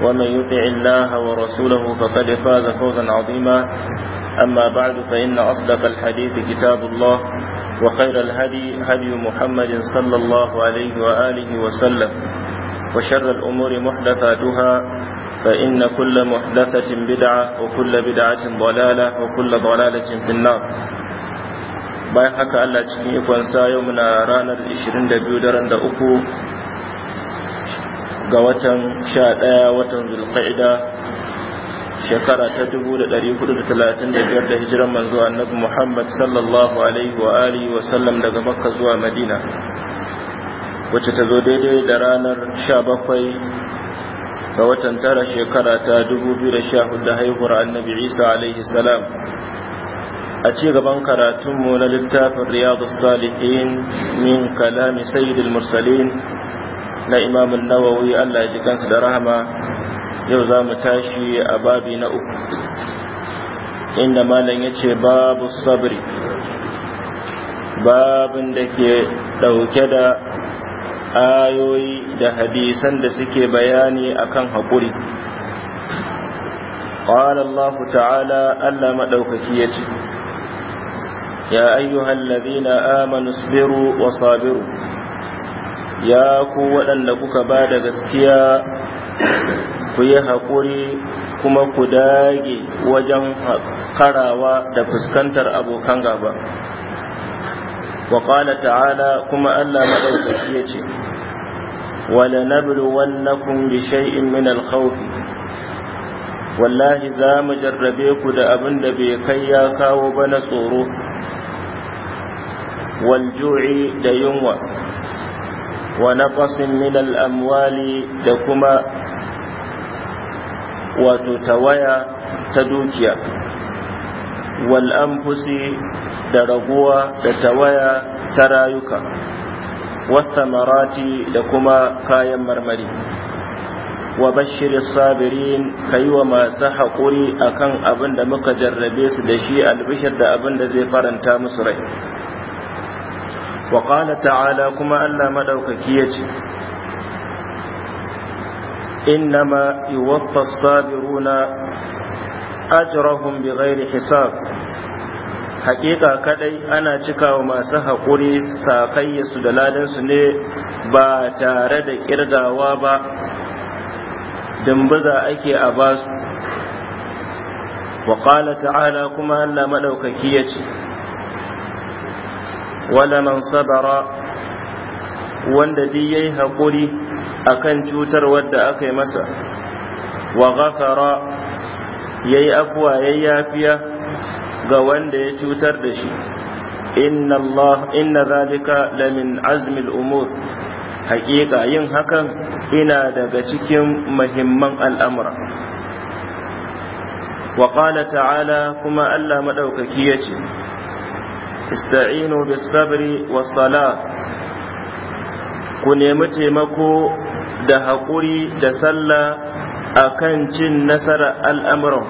ومن يطع الله ورسوله فقد فاز فوزا عظيما أما بعد فإن أصدق الحديث كتاب الله وخير الهدي هدي محمد صلى الله عليه وآله وسلم وشر الأمور محدثاتها فإن كل محدثة بدعة وكل بدعة ضلالة وكل ضلالة في النار bayan haka Allah cikin ikonsa yau muna ranar 22 daren da uku ga watan sha ɗaya watan zulqa'ida shekara ta dubu da ɗari hudu da talatin da biyar da hijiran manzo annabi muhammad sallallahu alaihi wa alihi wa sallam daga makka zuwa madina wacce ta zo daidai da ranar sha bakwai ga watan tara shekara ta dubu biyu da sha hudu haihuwar annabi isa alaihi salam a ci gaban karatunmu na littafin riyadu salihin min kalami sayyidul mursalin na imamun nawawi Allah ya ji kansu da rahama yau za mu tashi a babi na uku inda malam ya ce babu sabri babin da ke ɗauke da ayoyi da hadisan da suke bayani akan haƙuri قال الله تعالى ألا Ya يا أيها الذين آمنوا اصبروا وصابروا ya ku waɗanda kuka ba da gaskiya ku yi haƙuri kuma ku dage wajen karawa da fuskantar abokan gaba wa ta'ala kuma allah maɗaukaki ya ce wala na bi shay'in min alkhawfi wallahi za mu jarrabe ku da abin da bai kai ya kawo ba na tsoro wal da yunwa wa naqasin min al'amwali da kuma wato tawaya ta dukiya wal da raguwa da tawaya ta rayuka marati da kuma kayan marmari wa bashir sabirin kai wa masu haƙuri akan abin da muka jarrabe su da shi albishir da abin da zai faranta musu rai wa qala ta'ala kuma Allah madaukaki yace innama yuwaffa as-sabiruna ajrahum bighairi hisab Haƙiƙa kadai ana cikawa masu haƙuri sakayyasu da ladansu ne ba tare da ƙirgawa ba dimbiza ake a basu wa ta'ala kuma Allah ya yace walaman صبر wanda duk yayi haƙuri akan cutar wadda aka yi masa wa ghafara yayi afwa yayi yafiya ga wanda ya cutar da shi inna Allah inna zalika lamin azmil umur haƙiƙa yin hakan ina daga cikin muhimman al'amura wa qala ta'ala kuma Allah madaukaki yace ista'inu bis sabri was sala ku nemi taimako da haƙuri da sallah a kan cin nasara al'amuran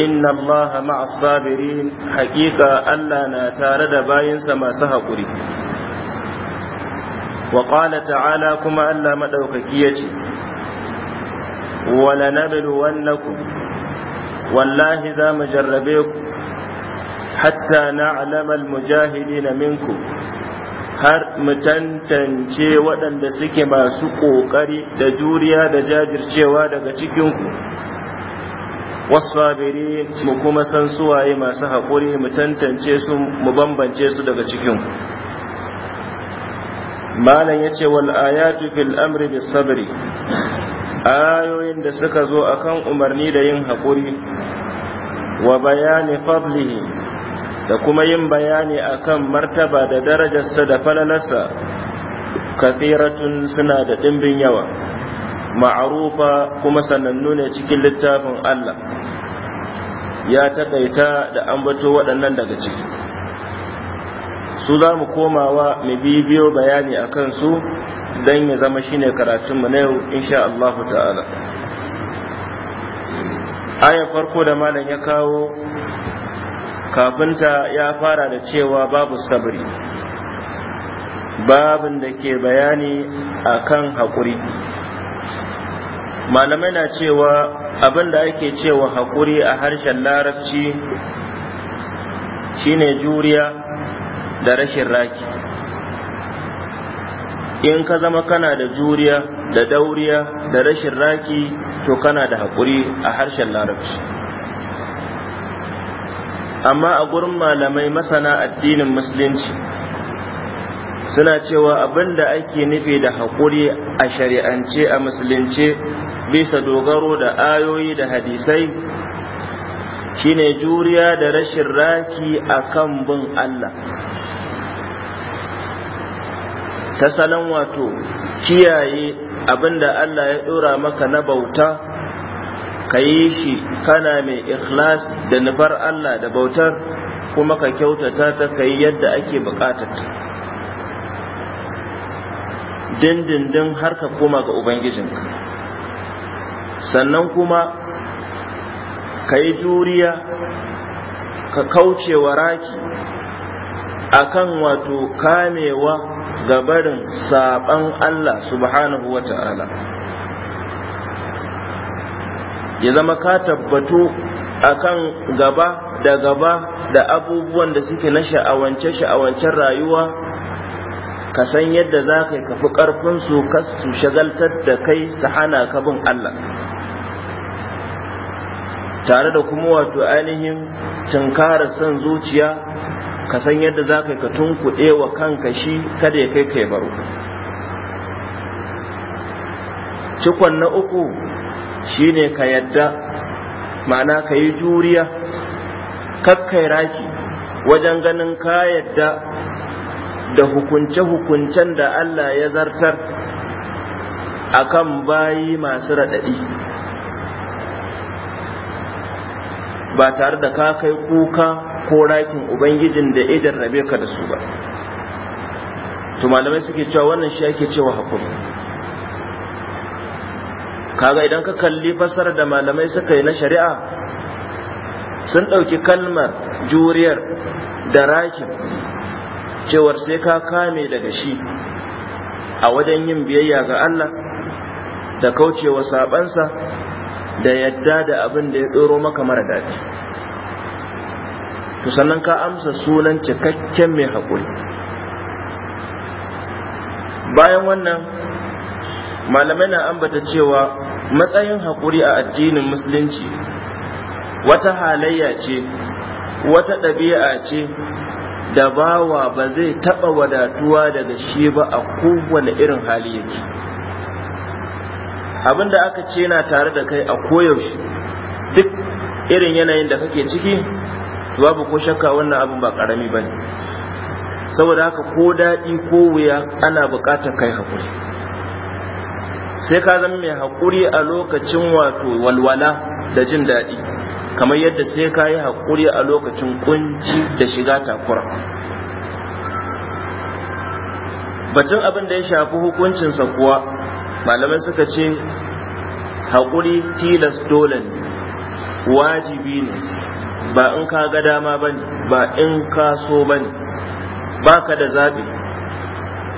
inna Allah ma'as sabirin haƙiƙa Allah na tare da bayansa masu haƙuri wa ta'ala kuma Allah maɗaukaki ya ce wala nabilu wannaku wallahi za mu jarrabe ku hatta na المجاهدين منكم har mu tantance waɗanda suke masu ƙoƙari da juriya da jajircewa daga cikinku wasfabiri mu kuma san suwaye masu haƙuri mu tantance su mu bambance su daga cikinku malam ya ce wal ayatu fil amri bis sabri ayoyin da suka zo akan umarni da yin haƙuri wa bayani fadlihi da kuma yin bayani akan martaba da darajarsa da falalarsa kafiratun suna da ɗimbin yawa ma'arufa kuma sanannu ne cikin littafin Allah ya taƙaita da ambato waɗannan daga ciki su za mu komawa mu bibiyo bayani a kansu don ya zama shine karatunmu na yau insha Allah ta'ala aya farko da malam ya kawo kafinta ya fara da cewa babu sabri babin da ke bayani a kan haƙuri malamai na cewa abin da ake cewa haƙuri a harshen larabci shine juriya da rashin raki in ka zama kana da juriya da dauriya da rashin raki to kana da haƙuri a harshen larabci amma a gurin malamai masana addinin musulunci suna cewa abin da ake nufi da haƙuri a shari'ance a musulunce bisa dogaro da ayoyi da hadisai shine juriya da rashin raki a kan bin Allah ta salon wato kiyaye abin da Allah ya ɗora maka na bauta ka yi shi kana mai ikhlas da nufar Allah da bautar kuma ka kyautata ta ka yi yadda ake bukatar ta dindindin har ka koma ga ubangijinka sannan kuma ka yi juriya ka kauce wa raki akan wato kamewa gabarin saban Allah subhanahu wa ta'ala ya zama ka tabbatu akan gaba da gaba da abubuwan da suke na sha'awance sha'awancen rayuwa ka san yadda za ka yi kafi ƙarfinsu su shagaltar da kai su hana ka bin Allah tare da kuma wato ainihin tunkara son zuciya ka san yadda za ka yi ka tunkuɗe wa kanka shi kada ya kai kai baro cikon na uku shine ka yadda ma'ana ka yi juriya kakkai raki wajen ganin ka yadda da hukunce-hukuncen da Allah ya zartar a kan bayi masu raɗaɗi ba tare da ka kai kuka ko rakin ubangijin da idan rabe ka da su ba to malamai suke cewa wannan shi ake cewa hakuri kaga idan ka kalli fassarar da malamai suka yi na shari'a sun ɗauki kalmar juriyar da rakin cewar sai ka kame daga shi a wajen yin biyayya ga Allah da kaucewa sabansa da yadda da abin da ya tsoro maka mara daɗi to sannan ka amsa sunan cikakken mai haƙuri bayan wannan malamai na ambata cewa matsayin haƙuri a addinin musulunci wata halayya ce wata ɗabi'a ce da bawa ba zai taɓa wadatuwa daga shi ba a kowane irin hali yake abin da aka ce na tare da kai a koyaushe duk irin yanayin da kake ciki babu ko shakka wannan abin ba ƙarami ba ne saboda haka ko daɗi ko wuya ana buƙatar kai haƙuri sai ka zama mai haƙuri a lokacin wato walwala da jin daɗi kamar yadda sai ka yi haƙuri a lokacin kunci da shiga takura batun abin da ya shafi hukuncinsa kuwa malamai suka ce haƙuri tilas dole ne wajibi ne ba in ka ga dama ba ne ba in ka so ba ne ba da zaɓi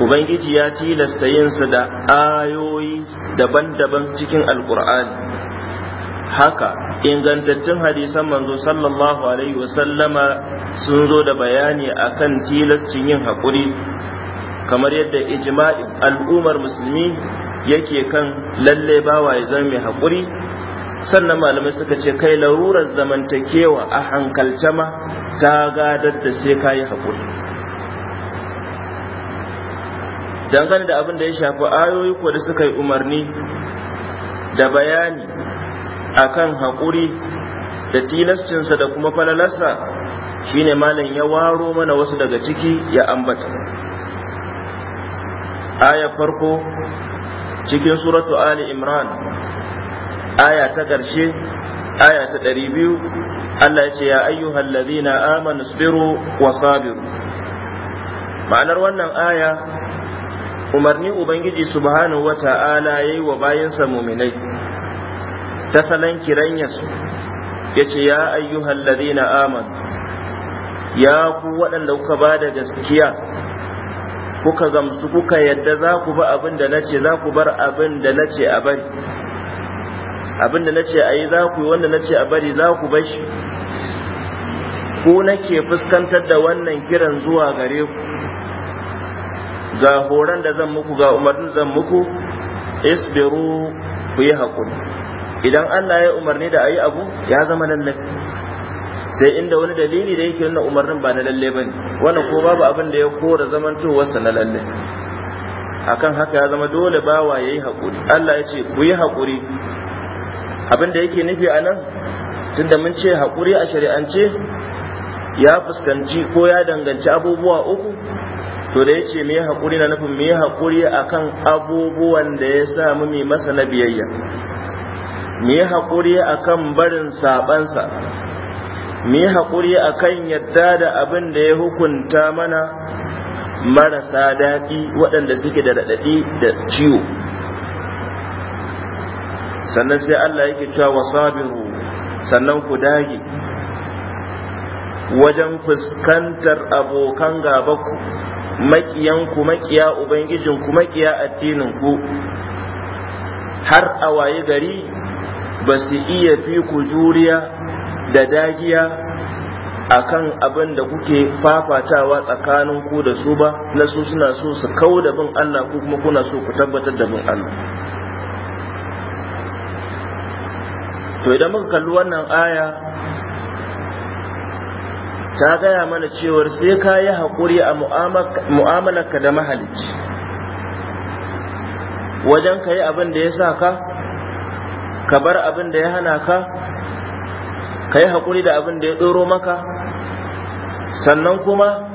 ubangiji ya tilasta yinsa da ayoyi daban-daban cikin alkur'ani haka ingantattun hadisan manzo sallallahu alaihi wasallama sun zo da bayani akan tilastin yin haƙuri kamar yadda ijma'in al'ummar musulmi yake kan lalle bawa ya zama mai haƙuri sannan malamai suka ce kai larurar zamantakewa a hankalce ma ta gadar da sai kayi yi haƙuri dangane da abin da ya shafi ayoyi ko da suka yi umarni da bayani a kan haƙuri da tilascinsa da kuma falalarsa shine malam ya waro mana wasu daga ciki ya ambata aya farko cikin suratu ali imran aya ta ƙarshe aya ta ɗari biyu allah ya ce ya ladina amanu sabiru wa sabiru ma'anar wannan aya umarni ubangiji subhanahu wata'ala yayi wa bayansa muminai ta salan kiranyarsu ya ce ya ayyuhal ladina amanu ya ku waɗanda kuka ba da gaskiya kuka gamsu kuka yadda za ku ba abin da nace za ku bar abin da nace a bari abin da nace a za ku yi wanda nace a bari za ku bar shi ku nake fuskantar da wannan kiran zuwa gare ku ga horan da zan muku ga umarnin zan muku isbiru ku yi haƙuri idan Allah ya umarni da ayi abu ya zama lalle sai inda wani dalili da yake nuna umarnin ba na lalle bane wannan ko babu abin da ya kora zamantowarsa na lalle akan haka ya zama dole bawa yayi haƙuri Allah ya ce ku yi haƙuri abin da yake nufi anan, nan tunda mun ce hakuri a shari'ance ya fuskanci ko ya danganci abubuwa uku to da yace me hakuri na nufin me hakuri akan abubuwan da ya sa mu mai masa na biyayya me hakuri akan barin saɓansa me hakuri akan yadda da abin da ya hukunta mana marasa daɗi waɗanda suke da daɗaɗi da ciwo sannan sai Allah yake cewa wasabiru sannan ku dage wajen fuskantar abokan ku. Maƙiyanku makiya ubangijinku makiya addininku har a waye gari ba su iya fi ku juriya da dagiya akan abin da kuke fafatawa tsakanin ku da su ba na su suna so su kau da bin Allah ko kuma kuna so ku tabbatar da bin Allah to idan muka kalli wannan aya ta gaya mana cewar sai ka yi haƙuri a mu'amalarka da mahalicci wajen ka yi abin da ya sa ka ka bar abin da ya hana ka ka yi haƙuri da abin da ya ɗoro maka sannan kuma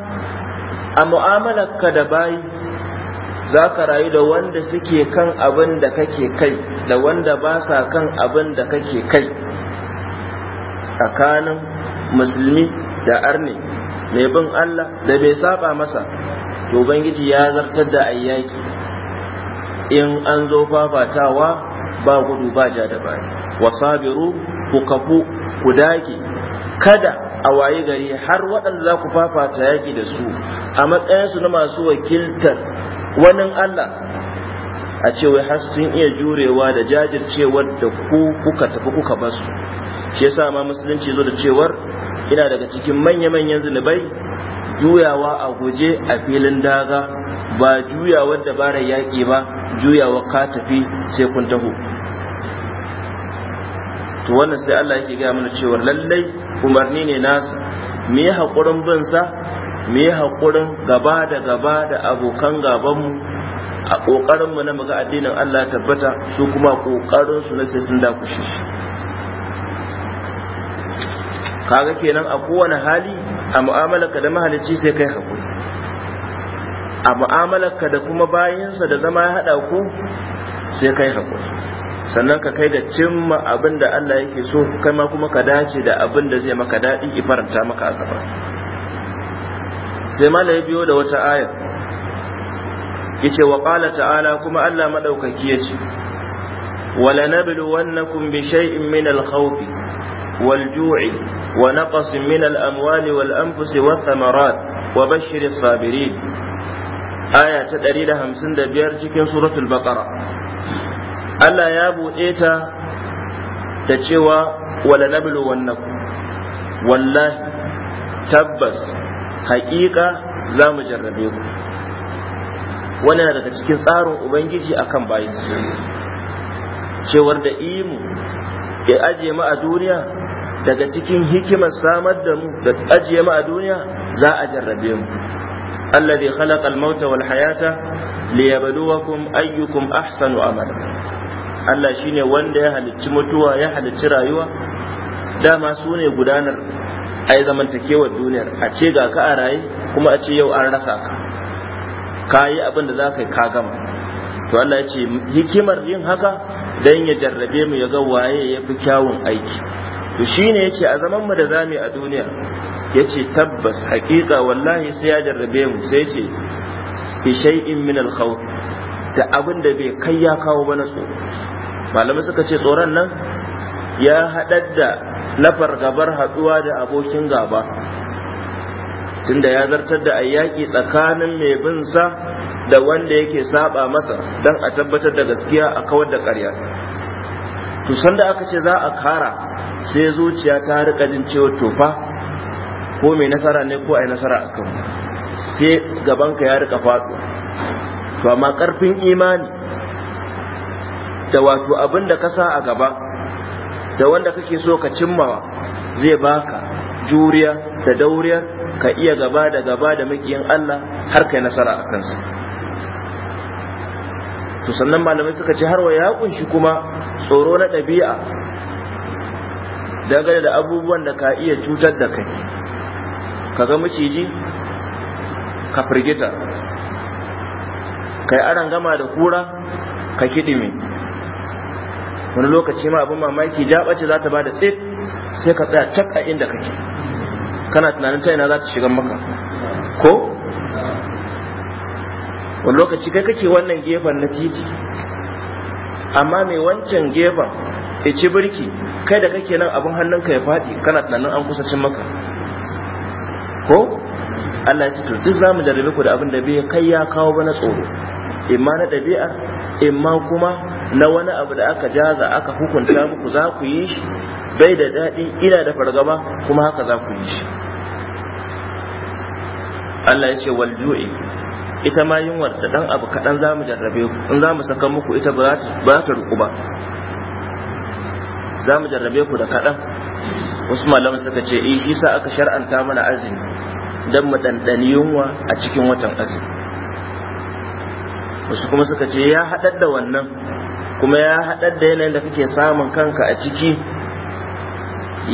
a mu'amalarka da bayi za ka rayu da wanda suke kan abin da kake kai da wanda ba sa kan abin da kake kai tsakanin musulmi da arne mai bin Allah da bai saba masa to ubangiji ya zartar da ayyaki in an zo fafatawa ba gudu ba ja da bari wasabiru ku kafu ku dake kada a waye gari har waɗanda za ku fafata yaki da su a matsayinsu na masu wakiltar wani Allah a ce wai har sun iya jurewa da jajircewar da ku kuka tafi kuka basu shi yasa ma musulunci zo da cewar ina daga cikin manya-manyan zunubai juyawa a guje a filin daga ba juyawar dabarar yaƙi ba juyawa ka tafi sai kun taho to wannan sai Allah yake gaya mana cewa lallai umarni ne nasa me haƙurin bin sa me haƙurin gaba da gaba da abokan gabanmu a ƙoƙarinmu na muga addinin Allah tabbata su kuma ƙoƙarinsu na sai sun dakushe shi kaga kenan a kowane hali a mu'amalarka da mahalicci sai kai hakuri a mu'amalarka da kuma bayansa da zama ya haɗa ku sai kai hakuri sannan ka kai da cimma abin da Allah yake so kai ma kuma ka dace da abin da zai maka daɗi faranta maka a gaba sai malai biyo da wata ayar yace wa qala ta'ala kuma Allah madaukaki yace wala nabluwannakum bi shay'in min al-khawfi wal-ju'i ونقص من الأموال والأنفس والثمرات وبشر الصابرين آية تدري لها مسند بيرجك سورة البقرة ألا يا أبو إيتا تشوى ولا نبل والنفو والله تبس حقيقة لا مجربيه wannan daga cikin tsarin ubangiji akan bayansu cewar da imu ya aje mu a duniya daga cikin hikimar samar da mu da ajiye mu a duniya za a jarrabe mu alladhi khalaqa al-mauta wal hayata liyabluwakum ayyukum ahsanu amala Allah shine wanda ya halicci mutuwa ya halicci rayuwa dama su ne gudanar ai zamantakewar duniyar a ce ga ka a raye kuma a ce yau an rasa ka ka yi abin da za ka ka gama to Allah ya ce hikimar yin haka dan ya jarrabe mu ya ga waye ya fi kyawun aiki to shine yace a zaman mu da zamu a duniya yace tabbas hakika wallahi sai ya jarrabe mu sai yace bi shay'in min al da abin da bai kai ya kawo ba na tsoro malamai suka ce tsoron nan ya haɗar da lafar gabar haɗuwa da abokin gaba tunda ya zartar da ayyaki tsakanin mai bin sa da wanda yake saba masa Dan a tabbatar da gaskiya a kawar da ƙarya to sanda aka ce za a kara sai zuciya ta rika jin cewa tofa ko mai nasara ne ko ai nasara a kanmu sai gabanka ya rika faɗo to amma ƙarfin imani da wato abin da ka sa a gaba da wanda kake so ka cimmawa zai baka juriya da dauriya ka iya gaba da gaba da makiyin Allah har kai nasara a kansa to sannan malamai suka ce har wa ya kunshi kuma tsoro na ɗabi'a dangane da abubuwan da ka iya cutar da kai ka ga maciji ka firgita kai aran gama da kura ka kidime wani lokaci ma abin mamaki ja ɓace za ta ba da tsit sai ka tsaya cak a inda kake kana tunanin ta ina za ta shiga maka ko wani lokaci kai kake wannan gefen na titi amma mai wancan gefen ya ce birki kai da kake nan abin hannunka ya faɗi kana tunanin an kusa cin maka ko Allah ya ce to duk zamu jarrabe ku da abin da bai kai ya kawo bana tsoro imma na dabi'a imma kuma na wani abu da aka jaza aka hukunta muku za ku yi shi bai da daɗi ina da fargaba kuma haka za ku yi shi Allah ya ce wal ita ma yunwar da dan abu kaɗan zamu jarrabe ku in zamu saka muku ita ba za ta ruku ba za mu jarrabe ku da kaɗan wasu malaman suka ce eh shi sa aka shar'anta mana azumi don mu ɗanɗani yunwa a cikin watan azumi wasu kuma suka ce ya haɗar da wannan kuma ya haɗar da yanayin da kake samun kanka a ciki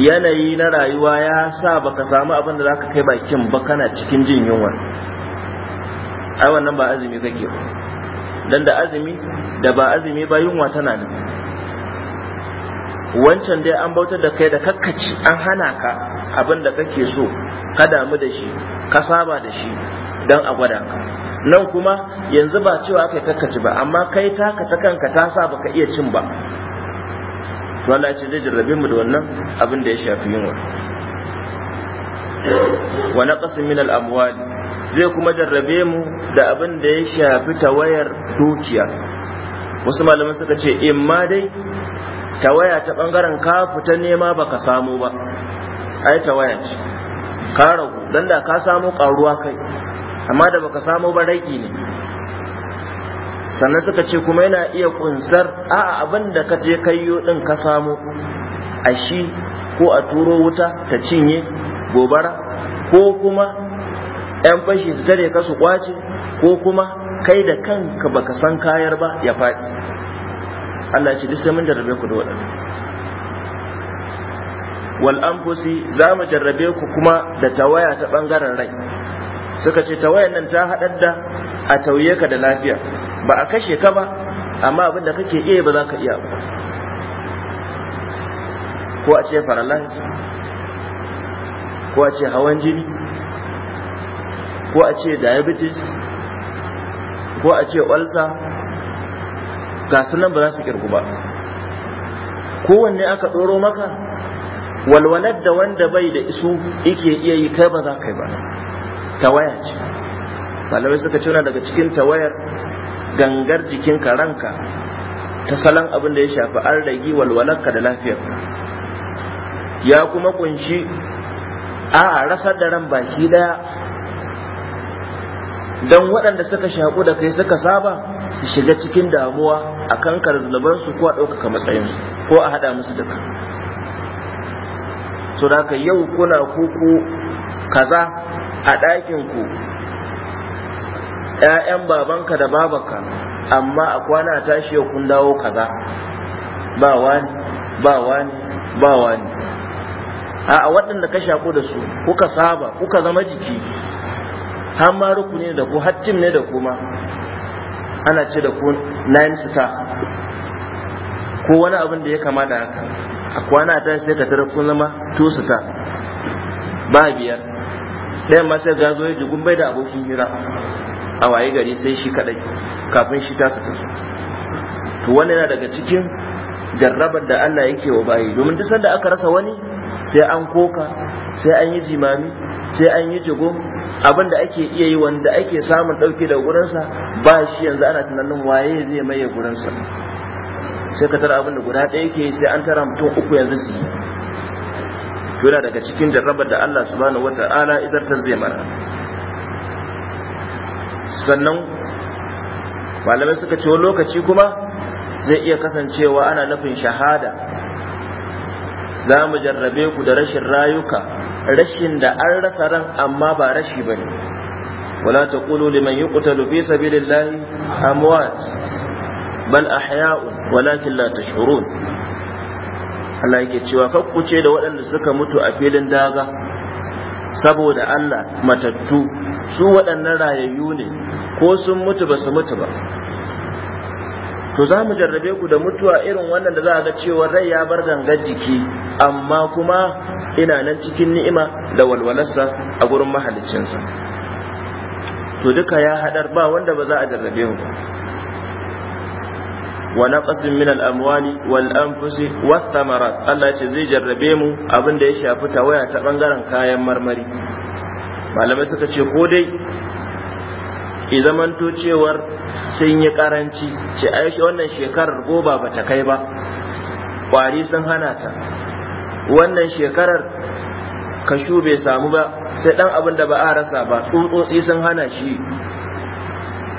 yanayi na rayuwa ya sa baka samu abin da zaka kai bakin ba kana cikin jin yunwa ai wannan ba azumi kake ba dan da azumi da ba azumi ba yunwa tana nan wancan dai an bautar da kai da kakkaci an hana ka abin da kake so ka damu da shi ka saba da shi don a gwada ka nan kuma yanzu ba cewa kai kakkaci ba amma kai taka ta kanka ta sa baka iya cin ba wanda ce zai jarrabe mu da wannan abin da ya shafi yunwa wa naqsin min al zai kuma jarrabe mu da abin da ya shafi tawayar dukiya wasu malaman suka ce imma dai tawaya ta bangaren ka fita nema baka samu ba ai tawaya ce ka ragu dan da ka samu karuwa kai amma da baka samu ba ragi ne sannan suka ce kuma yana iya kunsar a abin da ka je kayyo din ka samu a shi ko a turo wuta ta cinye gobara ko kuma 'yan fashi su tare ka su kwace ko kuma kai da kanka baka san kayar ba ya faɗi Allah ce duk sai mun jarrabe ku da waɗannan wal anfusi za mu jarrabe ku kuma da tawaya ta bangaren rai suka ce tawayan nan ta haɗar da a tauye ka da lafiya ba a kashe ka ba amma abin da kake iya ba za ka iya ba ko a ce paralyze ko a ce hawan jini ko a ce diabetes ko a ce ulcer ga nan ba za su kirku ba kowanne aka ɗoro maka walwalar da wanda bai da isu ike iya yi kai ba za kai ba tawaya ce malamai suka ce daga cikin tawayar gangar jikinka ranka ta salon abin da ya shafi an ragi walwalarka da lafiyar. ya kuma kunshi a rasar da ran baki daya don waɗanda suka shaƙu da kai suka saba su shiga cikin damuwa a kankar zunubansu ko a ɗaukaka matsayinsu ko a haɗa musu duka so da yau kuna kuku kaza a ɗakinku ‘ya'yan babanka da babaka, amma a kwana tashi yau kun dawo kaza ba wani ba wani ba wani a waɗanda ka shaƙo da su kuka saba kuka zama jiki har ma rukuni da ku haccin ne da kuma ana ce da ku nine star ko wani abin da ya kama da haka a kwana ta sai ka tara kun zama two star ba biyar ɗayan ma sai ga zo ya jigun bai da abokin hira a waye gari sai shi kadai kafin shi ta su to wani yana daga cikin jarrabar da Allah yake wa bayi domin duk sanda aka rasa wani sai an koka sai an yi jimami sai an yi jigo abin da ake iya yi wanda ake samun ɗauke da gurinsa ba shi yanzu ana tunanin waye zai maye gurinsa sai ka tara abin da guda ɗaya ke sai an tara mutum uku yanzu su yi yana daga cikin jarrabar da Allah subhanahu wata'ala idan ta zai mara sannan malamai suka ce lokaci kuma zai iya kasancewa ana nufin shahada za mu jarrabe ku da rashin rayuka rashin da an rasa ran amma ba rashi bane wala taqulu liman yuqtalu fi sabilillahi amwat bal ahya'un walakin la tash'urun Allah yake cewa kakkuce da waɗanda suka mutu a filin daga saboda Allah matattu su waɗannan rayayyu ne ko sun mutu ba su mutu ba to za mu jarrabe ku da mutuwa irin wannan da za a ga cewa rai ya bar gangar jiki amma kuma ina nan cikin ni'ima da walwalarsa a gurin mahaliccinsa to duka ya hadar ba wanda ba za a jarrabe mu wa naqasin min al-amwali wal anfusi wath thamarat Allah ya ce zai jarrabe mu abin da ya shafi ta waya ta bangaren kayan marmari malamai suka ce ko dai i zamanto cewar sun yi karanci ce ai wannan shekarar goba ba ta kai ba kwari sun hana ta wannan shekarar kashu bai samu ba sai dan abin da ba a rasa ba tsutsotsi sun hana shi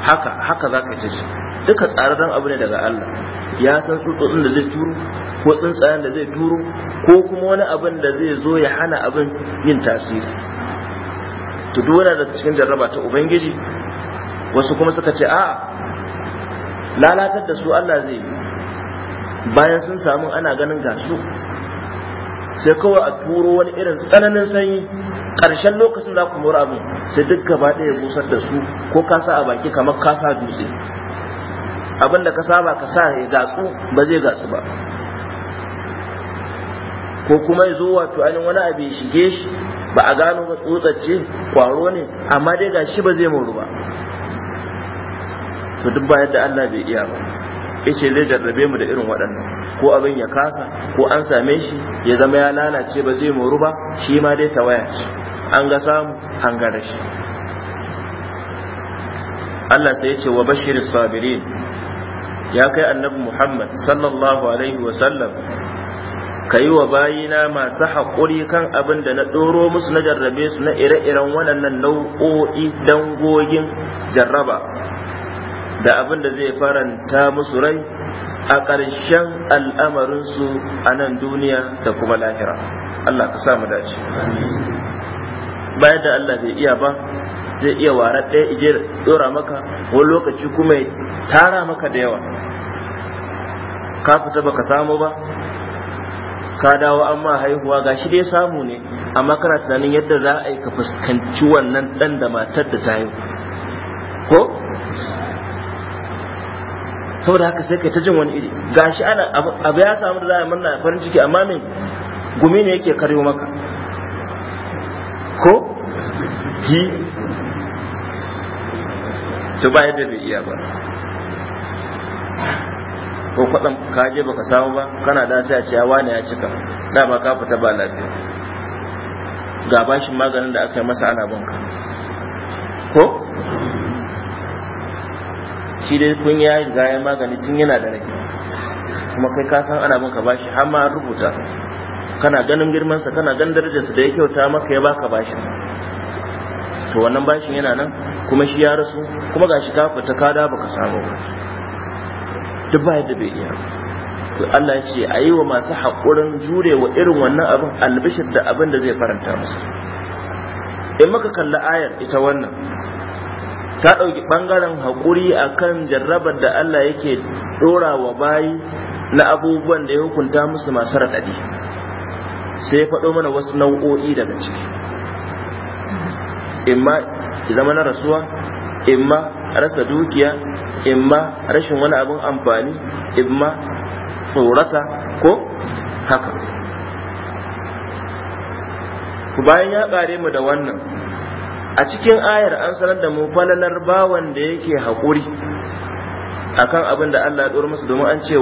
haka haka za ka ci duka dan abu ne daga Allah ya san tsutsotsin da zai turo ko tsuntsayen da zai turo ko kuma wani abin da zai zo ya hana abin yin tasiri to duk wani da cikin jarraba ta ubangiji wasu kuma suka ce a lalatar da su Allah zai yi bayan sun samu ana ganin gasu sai kawai a turo wani irin tsananin sanyi Karshen lokacin za ku mura abin sai duk gaba ɗaya busar da su ko ka sa a baki kamar ka sa dutse abin da ka saba ka sa ya gatsu ba zai gatsu ba ko kuma ya zo wato ainihin wani abu ya shige shi ba a gano ba tsotsace kwaro ne amma dai ga shi ba zai moru ba to duk ba yadda Allah bai iya ba ce zai jarrabe mu da irin waɗannan ko abin ya kasa ko an same shi ya zama ya lalace ba zai moru ba shi ma dai tawaya shi an ga samu an ga rashi Allah sai ya ce wa bashir sabirin ya kai annabi Muhammad sallallahu alaihi wa sallam ka yi wa bayina masu haƙuri kan abin da na ɗoro musu na jarrabe su na ire-iren waɗannan nau'o'i dangogin jarraba da abin da zai faranta musu rai a ƙarshen al'amarinsu a nan duniya da kuma lahira Allah ka samu dace bayan da Allah bai iya ba zai iya wara ɗaya ije ɗora maka wani lokaci kuma ya tara maka da yawa ka fita ba ka samu ba ka dawo amma haihuwa ga shi dai samu ne amma kana tunanin yadda za a yi ka fuskanci wannan ɗan da matar da ta haihu ko saboda haka sai kai ta jin wani iri gashi ana abu ya samu da zai a murna farin ciki amma me gumi ne yake karyo maka ko ki to ba yadda bai iya ba ko kwaɗan kaje baka samu ba kana da sai a ce wani ya cika da ba ka fita ba lafiya ga bashin maganin da aka yi masa ana ka. shi dai kun ya gaya magani tun yana da rai kuma kai ka san ana maka bashi har ma rubuta kana ganin girmansa kana ganin darajarsa da ya kyauta maka ya baka bashi to wannan bashin yana nan kuma shi ya rasu kuma gashi kafa ta ka ba baka samu ba duk ba yadda bai iya to Allah ya ce a yi wa masu haƙurin jure wa irin wannan abin albishir da abin da zai faranta musu in muka kalli ayar ita wannan ta ɗauki ɓangaren haƙuri a kan jarrabar da Allah yake ɗora wa bayi na abubuwan da ya hukunta musu masu raɗaɗi sai ya faɗo mana wasu nau'o'i daga ciki imma zama na rasuwa imma rasa dukiya imma rashin wani abin amfani imma tsorata ko haka bayan ya ƙare mu da wannan a cikin ayar an sanar da mu falalar bawan da yake haƙuri akan abin da Allah ya tsoro masa domin an ce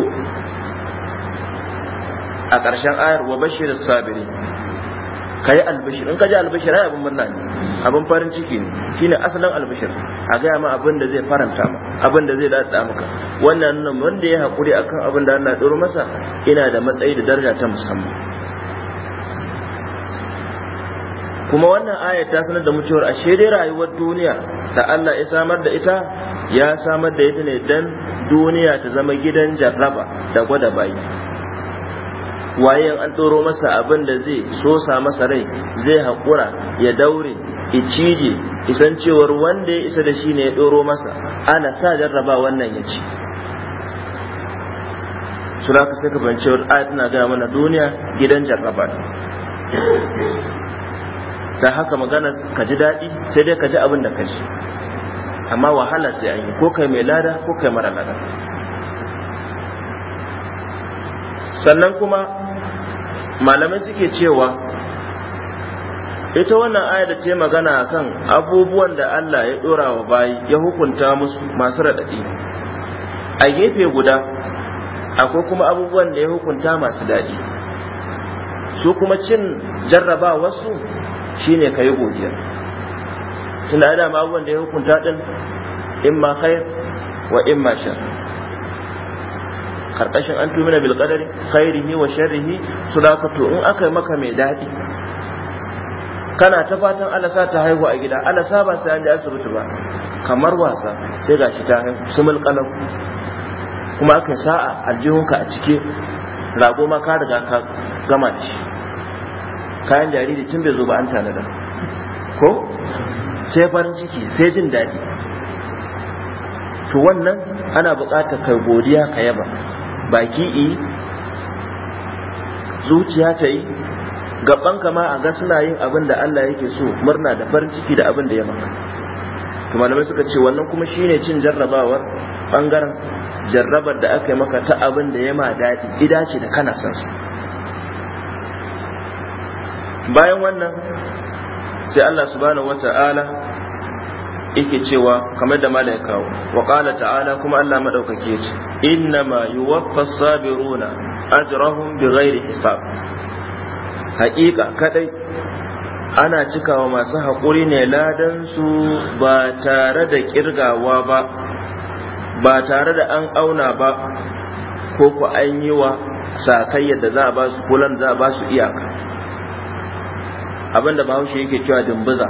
a ƙarshen ayar wa bashir sabiri ka yi albishir in ka ji albishir ai abin murna ne abin farin ciki ne shine asalin albishir a gaya ma abin da zai faranta ma abin da zai daɗa maka wannan wanda ya haƙuri akan abin da Allah ya tsoro masa ina da matsayi da daraja ta musamman kuma wannan aya ta sanar da mu cewa ashe dai rayuwar duniya da Allah ya samar da ita ya samar da ita ne dan duniya ta zama gidan jarraba da gwada bayi Waye an tsoro masa abin da zai sosa masa rai zai haƙura ya daure icije isan cewar wanda ya isa da shi ne ya tsoro masa ana sa jarraba wannan ya ci sura ka sai ka bancewar ayat na gaya mana duniya gidan jarraba dan haka magana ka ji daɗi sai dai ka ji abin da ka ji amma wahala sai an yi ko kai mai lada ko kai mara lada sannan kuma malamai suke cewa ita wannan aya da ce magana kan abubuwan da Allah ya dora wa bayi ya hukunta musu masu raɗaɗi a gefe guda akwai kuma abubuwan da ya hukunta masu daɗi su kuma cin jarraba wasu shine ka yi godiya tunda ya dama abubuwan da ya hukunta din in ma khair wa in ma shar karkashin an tumina bil qadari khairihi wa sharrihi sadaqatu in aka maka mai dadi kana ta fatan alasa ta haihu a gida alasa ba sai an je asibiti ba kamar wasa sai gashi ta haihu sumul qalam kuma aka sa'a aljihunka a cike rago ma ka riga ka gama da shi kayan jariri tun bai zo ba an da ko sai farin ciki sai jin daɗi to wannan ana buƙatar ka godiya ka yaba baki i zuciya ta yi gaban kama a ga suna yin abin da Allah yake so murna da farin ciki da abin da ya maka to malamai suka ce wannan kuma shine cin jarrabawar bangaren jarrabar da aka yi maka ta abin da ya ma daɗi ida ce da kana son su bayan wannan sai Allah subhanahu ta'ala yake cewa kamar da mala ya kawo wa ta'ala kuma Allah madaukake ce innama yuwaffa sabiruna ajrahum bighairi hisab haƙiƙa kaɗai ana cikawa masu haƙuri ne ladan su ba tare da kirgawa ba ba tare da an auna ba ko ku an yi wa sakayyar da za a ba su kulan za a ba su iyaka abinda ba haushe yake cewa dumbuza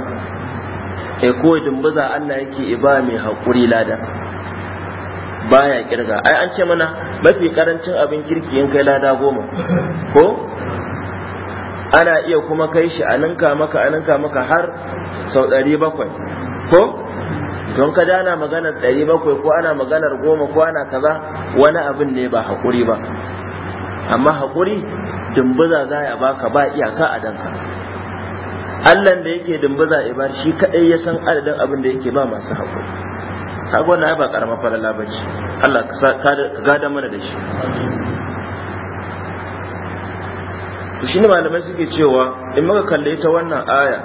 e ko dumbuza Allah yake iba mai haƙuri lada baya kirga ai an ce mana mafi karancin abin kirki yin kai lada goma ko ana iya kuma kai shi a ninka maka a ninka maka har sau ɗari bakwai ko don ka ana maganar ɗari bakwai ko ana maganar goma ko ana kaza wani abin ne ba hakuri ba amma hakuri dumbuza za ya baka ba iyaka a danka Allah da yake dumbuza ibar shi kadai ya san adadin abin da yake ba masu haƙuri kaga wannan ba karama falala bace Allah ka gada mana da shi to shine malamai suke cewa in muka kalle ta wannan aya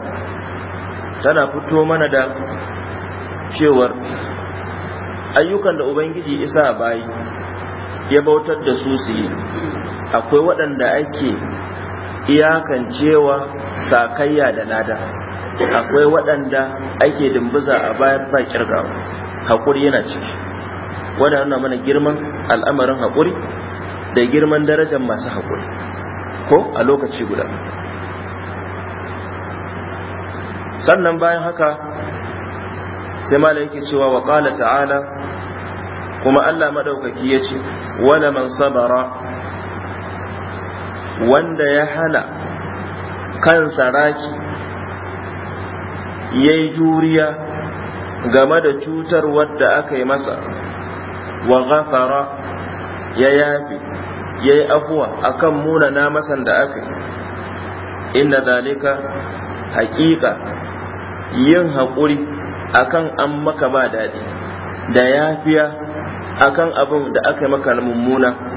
tana fito mana da cewar ayyukan da ubangiji isa bayi ya bautar da su su yi akwai waɗanda ake iyakancewa sakayya da lada akwai waɗanda ake dimbiza a bayan ba kirgawa haƙuri yana ciki wanda nuna mana girman al'amarin haƙuri da girman darajar masu haƙuri ko a lokaci guda sannan bayan haka sai mala yake cewa wa ta'ala kuma allah maɗaukaki ya ce wala man sabara wanda ya hana kan saraki ya yi juriya game da cutar wadda aka yi masa wa gafara ya yafi ya yi afuwa muna munana masan da aka yi inda dalika haƙiƙa yin haƙuri akan an maka ba daɗi da yafiya akan abin da aka yi maka mummuna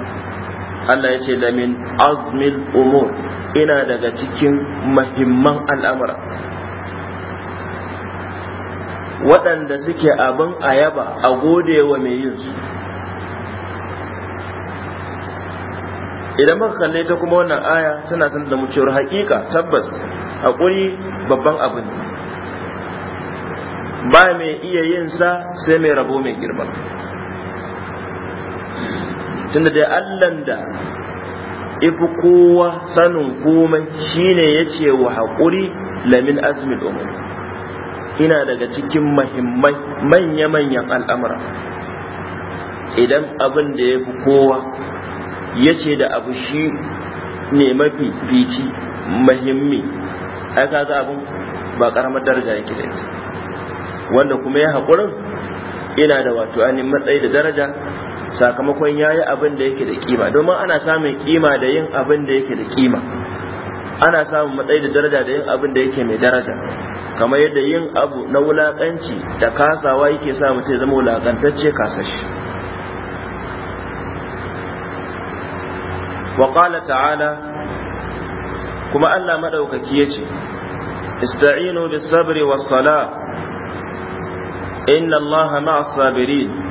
Allah ya ce da min azmil umur ina daga cikin mahimman al'amura waɗanda suke abin a yaba a gode wa mai yin su idan muka kalle ta kuma wannan aya tana san da mu cewar hakika tabbas haƙuri babban abu ne ba mai iya yin sa sai mai rabo mai girma tunda dai allan da ifi kowa sanin komai shine ya ce wa haƙuri lamin azmin umar ina daga cikin mahimmai manya-manyan al'amura idan abin da ya fi kowa ya da abu shi ne mafi fici mahimmi ai ga abin ba karamar daraja yake da wanda kuma ya haƙurin ina da wato ainihin matsayi da daraja sakamakon yayi abin da yake da kima domin ana samun kima da yin abin da yake da kima ana samun matsayi da daraja da yin abin da yake mai daraja kamar yadda yin abu na wulakanci da kasawa yake sa mutum ya zama wulakantacce kasashe. wa qala ta'ala kuma Allah madaukaki yace ista'inu bis sabri was sala inna Allaha ma'as sabirin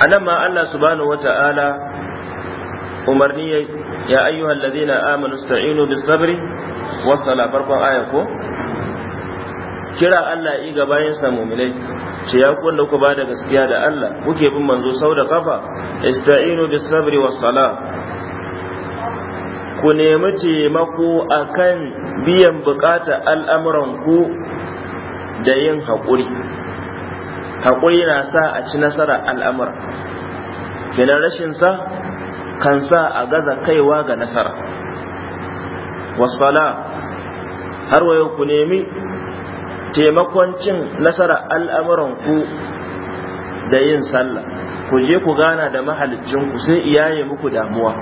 anan ma Allah subhanahu wata'ala umarni ya ayyuhal ladina amanu sta'inu bis sabri wasala sala farkon aya ko kira Allah yi ga bayan sa mu'minai ce ya ku wanda ku ba da gaskiya da Allah kuke bin manzo sau da kafa ista'inu bis sabri was sala ku nemi taimako akan biyan bukatar al'amuranku da yin haƙuri haƙuri na sa a ci nasara al'amura kenan rashin sa kan sa a gaza kaiwa ga nasara wasala har wayo ku nemi taimakon cin nasara al'amuran ku da yin sallah ku je ku gana da ku sai iyaye muku damuwa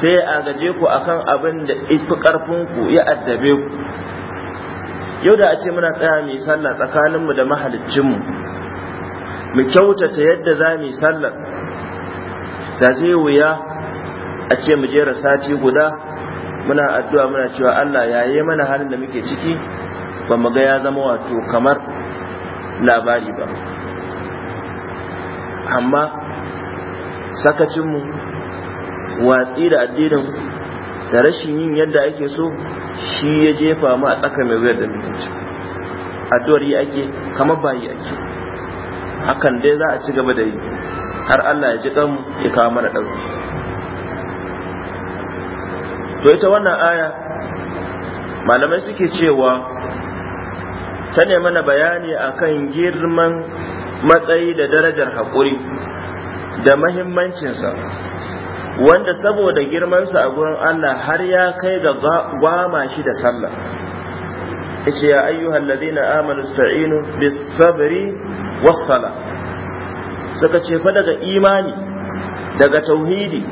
sai a gaje ku akan abin da ifi ƙarfinku ya addabe ku yau da a ce muna tsaya mai sallah tsakaninmu da mahalicinmu mu kyautata yadda za mu yi sallah da zai wuya a ce mu jera sati guda muna addu'a muna cewa Allah ya yi mana halin da muke ciki ba mu ga ya zama wato kamar labari ba amma sakacinmu watsi da addinin da rashin yin yadda ake so shi ya jefa mu a tsaka mai wuyar da mutunci addu'ar yi ake kamar bayi ake hakan dai za a ci gaba da yi har Allah ya ji kan ya kawo mana ɗauki to ita wannan aya malamai suke cewa ta ne mana bayani akan girman matsayi da darajar haƙuri da mahimmancinsa wanda saboda girmansa a gurin Allah har ya kai ga gwama shi da sallah yace ya ayyuhal ladina amanu sta'inu bis sabri was sala suka ce fa daga imani daga tauhidi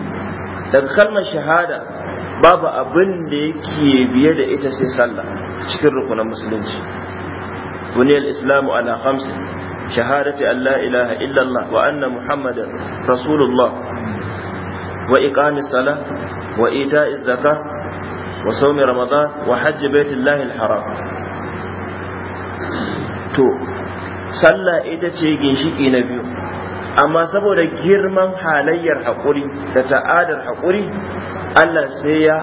daga kalmar shahada babu abin da yake biye da ita sai sallah cikin rukunan musulunci Buniyar islamu ala khamsin shahadati an la ilaha illallah wa anna muhammadin rasulullah wa iqamis sala wa ita'iz zakat wa sawmi ramadan wa hajj baitillahi alharam to sallah ita ce ginshiki na biyu amma saboda girman halayyar haƙuri da ta'adar haƙuri Allah sai ya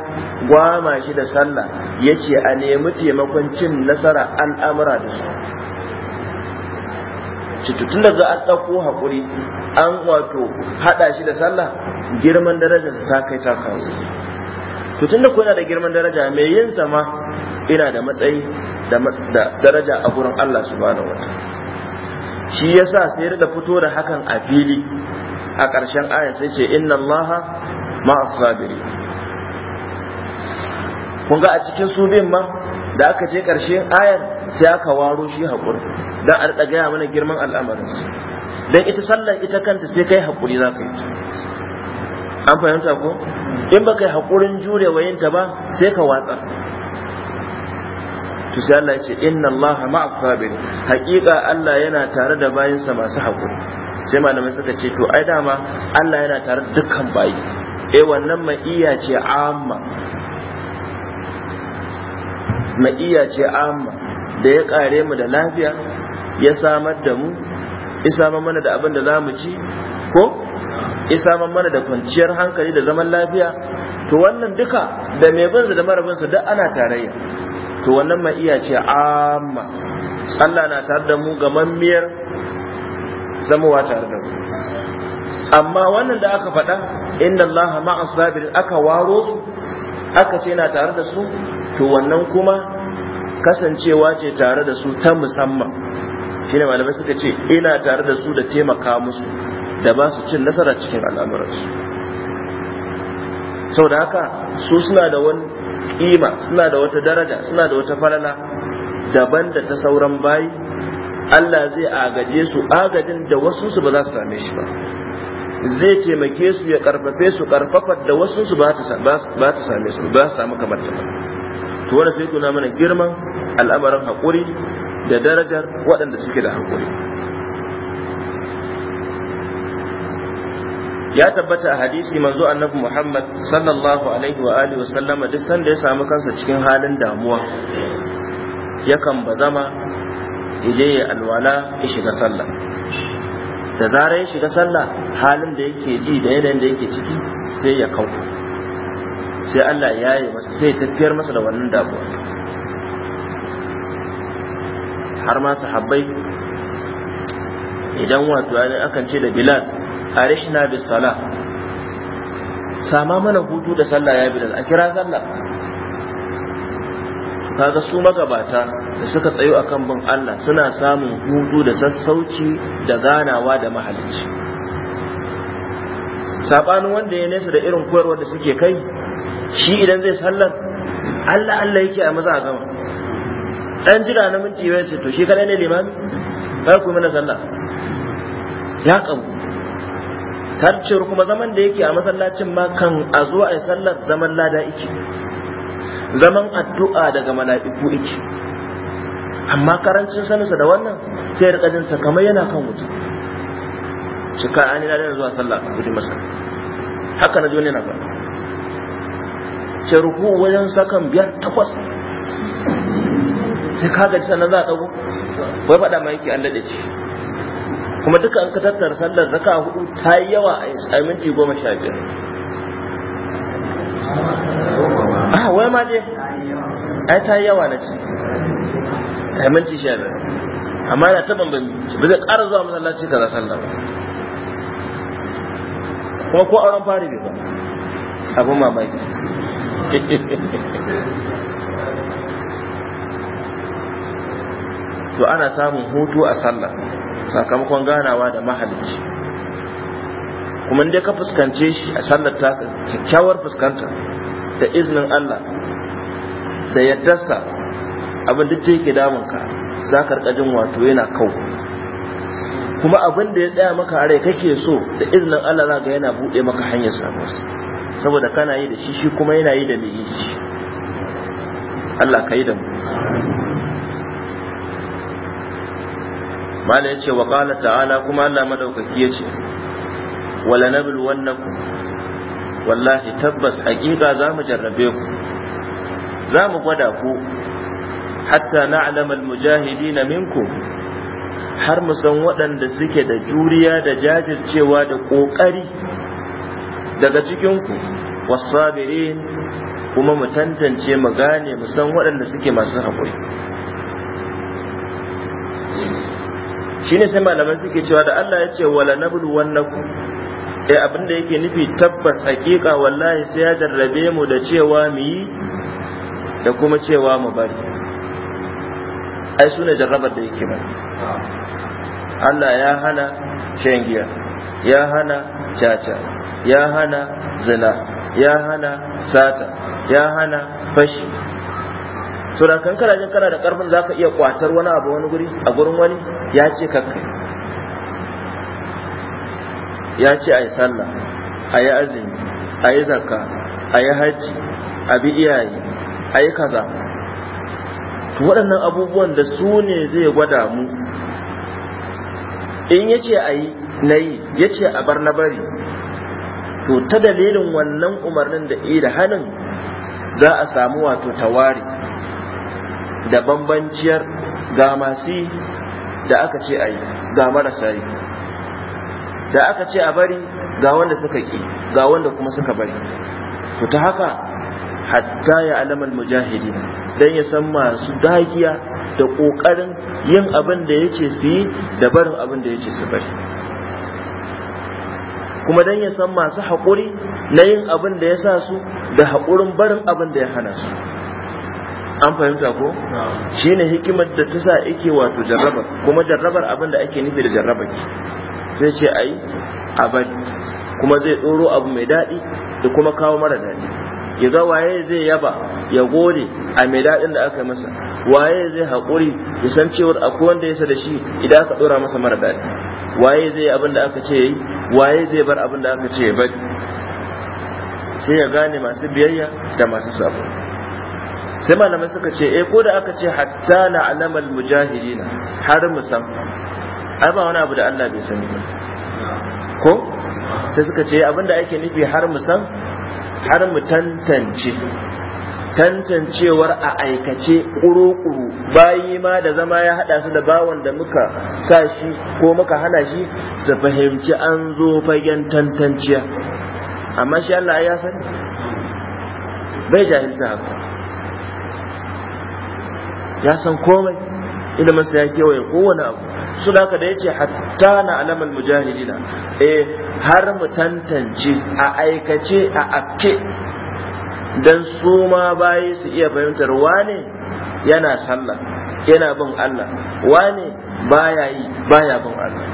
gwama shi da sallah ya ce a nemi taimakon cin nasara al'amura da su. Cututun da za a ɗauko haƙuri an wato hada shi da sallah girman darajarsa ta kai ta kawo to tunda ko yana da girman daraja mai yin sama ina da matsayi da daraja a gurin Allah subhanahu shi yasa sai da fito da hakan a fili a ƙarshen aya sai ce inna Allah ma asabiri kun ga a cikin su bin ma da aka je ƙarshen ayar sai aka waro shi haƙuri dan a gaya mana girman al'amarinsa dan ita sallar ita kanta sai kai hakuri za yi an fahimta ko in ba kai hakurin jure wayinta ba sai ka watsa to sai Allah ya ce inna Allah ma'as sabir haƙiƙa Allah yana tare da bayinsa masu hakuri sai malamai suka ce to ai dama Allah yana tare da dukkan bayi eh wannan ma'iya ce amma ma'iya ce amma da ya kare mu da lafiya ya samar da mu isaman mana da abin da za mu ci ko isaman mana da kwanciyar hankali da zaman lafiya to wannan duka da mai binsa da marabinsa duk ana tarayya to wannan ma iya ce amma Allah na tare da mu ga mammiyar zamowa tare da mu amma wannan da aka faɗa inda Allah ma'as sabirin aka waro su aka ce na tare da su to wannan kuma kasancewa ce tare da su ta musamman Shi ne malamai suka ce ina tare da su da taimaka musu da ba su cin nasara cikin al'amuransu sau da haka su suna da wani kima suna da wata daraja suna da wata falala daban da ta sauran bayi Allah zai agaje su agajin da wasu su ba za su same shi ba zai taimake su ya karfafe su karfafar da wasu su ba ta same su ba su samu kamar ta to wanda sai kuna mana girman al'amarin haƙuri da darajar waɗanda suke da haƙuri ya tabbata a hadisi manzo annabi Muhammad sallallahu alaihi wa alihi wa sallama duk sanda ya samu kansa cikin halin damuwa yakan bazama yaje ya alwala ya shiga sallah da zarar ya shiga sallah halin da yake ji da yanayin da yake ciki sai ya kauko sai Allah ya yi masa sai tafiyar masa da wannan damuwa har ma sahabbai idan wato akan ce da bilal arishna bis sala sama mana hutu da sallah ya bilal a kira sallah kaga su magabata da suka tsayo akan bin Allah suna samun hutu da sassauci da ganawa da mahalicci sabanin wanda ya nesa da irin koyarwar da suke kai shi idan zai sallar Allah Allah yake a maza a gama dan jira na minti bai ce to shi kadai ne limami bai ku mana sallah ya kan tarciyar kuma zaman da yake a masallacin ma kan a zo a yi sallar zaman lada yake zaman addu'a daga mala'iku yake amma karancin sanarsa da wannan sai rika jin sa kamar yana kan wuta cika an yi ladan zuwa sallah a gudun masa haka na jone na ba sai ruku wajen sakan biyar takwas sai ka gaji sannan za a ɗago wai faɗa ma yake an daɗe ce kuma duka an ka tattara sallar zaka hudu ta yi yawa a minti goma sha biyar ah wai ma dai ai ta yi yawa na ce a minti sha biyar amma na ta ban ba zai ƙara zuwa masallaci kaza sallar kuma ko auren fari bai ba abin mamaki to ana samun hutu a sallah sakamakon ganawa da mahalicci kuma dai ka fuskance shi a sallar ta kyakkyawar fuskanta da iznin Allah da yaddarsa abin da yake damunka za ka rika jin wato yana kau kuma abin da ya tsaya maka a rai kake so da iznin Allah za ga yana buɗe maka hanyar samuwarsa saboda kana yi da shi shi kuma yana yi da ni shi Allah ka yi da mu mala yace wa qala ta'ala kuma Allah madaukaki yace wala nabil wannakum wallahi tabbas hakika za mu jarrabe ku za mu gwada ku hatta na'lam al-mujahidin minkum har mu san waɗanda suke da juriya da jajircewa da ƙoƙari daga cikin ku wasabirin kuma mu tantance mu gane mu san waɗanda suke masu haƙuri shine sai malaman suke cewa da Allah ya ce wala nablu wannakum eh abin da yake nufi tabbas hakika wallahi sai ya jarrabe mu da cewa mu yi da kuma cewa mu bari ai sune jarrabar da yake ba Allah ya hana shan giya ya hana caca ya hana zina ya hana sata ya hana fashi so da kan jin kana da karfin zaka iya kwatar wani abu wani guri a gurin wani ya ce kakai. ya ce ayi sallah ayi azumi ayi zakka ayi hajji abi iyaye ayi kaza to waɗannan abubuwan da su ne zai gwada mu in yace ayi nayi yace a bar na bari to ta dalilin wannan umarnin da da hanin za a samu wato tawari da bambanciyar ga masu da aka ce a yi ga marasa yi da aka ce a bari ga wanda suka ki ga wanda kuma suka bari to ta haka hatta ya alamar mujahidi don ya san masu dagiya da ƙoƙarin yin abin da yake su yi da barin abin da yake su bari kuma don ya san masu haƙuri na yin abin da ya sa su da haƙurin barin abin da ya hana su an fahimta ko ne hikimar da ta sa ake wato jarraba kuma jarrabar abin da ake nufi da jarrabar sai ce ai abin kuma zai tsoro abu mai daɗi da kuma kawo mara daɗi ya ga waye zai yaba ya gode a mai daɗin da aka masa waye zai haƙuri ya san cewar akwai wanda ya da shi idan aka ɗora masa mara daɗi waye zai abin da aka ce waye zai bar abin da aka ce ya bari sai ya gane masu biyayya da masu sabo sai malamai suka ce eh ko da aka ce hatta na alamal mujahidina har mu san ai ba wani abu da Allah bai sani ba ko sai suka ce abinda ake nufi har mu san har mu tantance tantancewar a aikace kuru-kuru bayi ma da zama ya hada su da bawan da muka sa shi ko muka hana shi su fahimci an zo fagen tantanciya amma shi Allah ya sani bai jahilta haka ya san komai iliminsa ya kewaye kowane abu su da haka da ya ce hatta na alamar mujahidina eh har mu tantance a aikace a ake dan su ma bayi su iya fahimtar wane yana sallah yana bin Allah wane baya yi baya bin Allah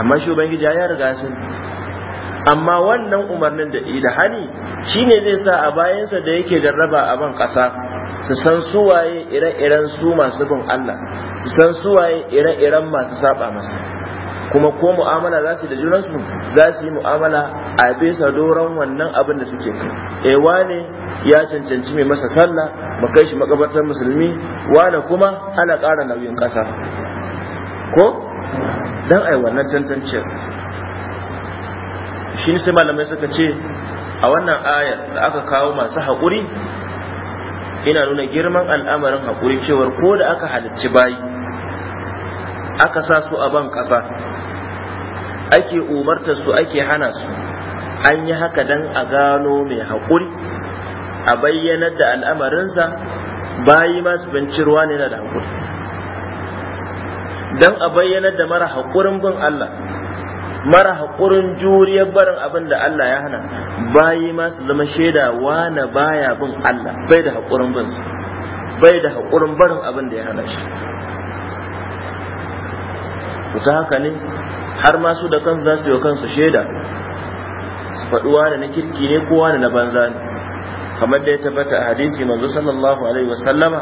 amma shi ubangiji ya riga amma wannan umarnin da idahani hani shine zai sa a bayansa da yake jarraba a ban ƙasa su san suwaye ire-iren su masu bin Allah su san suwaye ire-iren masu saba masa kuma ko mu'amala za su da junansu za su yi mu'amala a bisa doron wannan abin da suke kai eh wane ya cancanci mai masa sallah mu kai shi makabartar musulmi wane kuma ana ƙara nauyin ƙasa ko dan ai wannan tantance. shi sai malamai suka ce a wannan ayar da aka kawo masu haƙuri Ina nuna girman al'amarin haƙuri cewar ko da aka halarci bayi aka sa su a ban ƙasa ake umarta su ake hana su an yi haka dan a gano mai haƙuri a bayyanar da al'amarinsa bayi masu bincirwa ne da haƙuri don a bayyanar da mara haƙurin bin Allah mara haƙurin juriyar barin abin da Allah ya hana bayi ma su zama shaida wane baya bin Allah bai da haƙurin bin su bai da haƙurin barin abin da ya hana shi ta haka ne har ma su da kansu za su yi wa kansu shaida su faɗi na kirki ne ko da na banza ne kamar da ya tabbata a hadisi manzo sallallahu alaihi wa sallama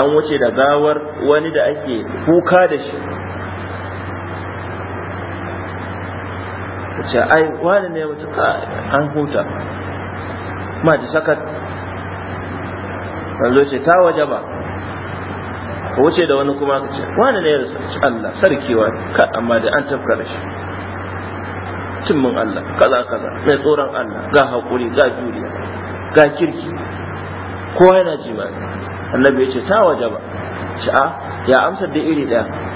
an wuce da gawar wani da ake kuka da shi ce ai wani ne mutu an huta ma ji sakat manzo ce ta waje ba ka wuce da wani kuma ka ce wani ne ya rasu Allah sarkewa ka amma da an tafka da shi cimmin Allah kaza kaza mai tsoron Allah ga haƙuri ga juriya ga kirki kowa yana jimani annabi ya ce ta waje ba a ah, ya amsar da iri ɗaya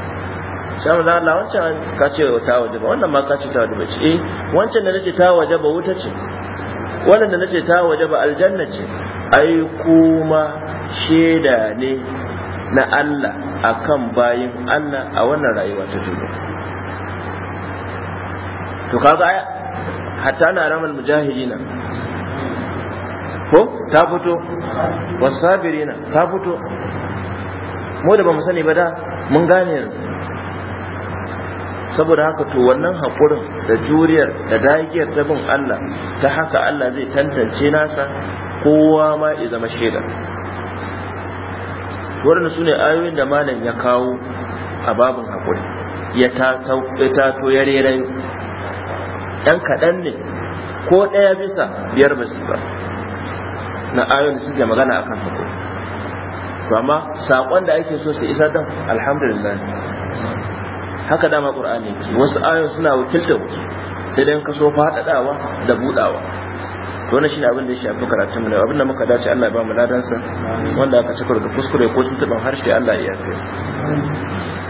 sai da Allah wancan ka ce ta waje ba wannan ma ka ce ta waje ba ce eh wancan da nace ta waje ba wuta ce wannan da nace ta waje ba aljanna ce ai kuma sheda ne na Allah akan bayin Allah a wannan rayuwa ta duniya to kaga hatta na ramal mujahidina ko ta fito wasabirina ta fito mu da ba mu sani ba da mun gane yanzu saboda haka to wannan haƙurin da juriyar da dagiyar ta bin Allah ta haka Allah zai tantance nasa kowa ma ya zama shaida Wannan su ne ayoyin da malam ya kawo a babin haƙuri ya tato ya rerai ɗan kaɗan ne ko ɗaya bisa biyar basu ba na ayoyin da suke magana akan haƙuri to amma saƙon da ake so su isa don alhamdulillah haka dama qur'ani wasu ayon suna wakilta wasu sai dai ka so faɗaɗawa da buɗawa to wannan shine abin da ya shafi karatun mu abin da muka dace Allah ya ba mu ladansa wanda aka cikar da kuskure ko tuntuban harshe Allah ya yafe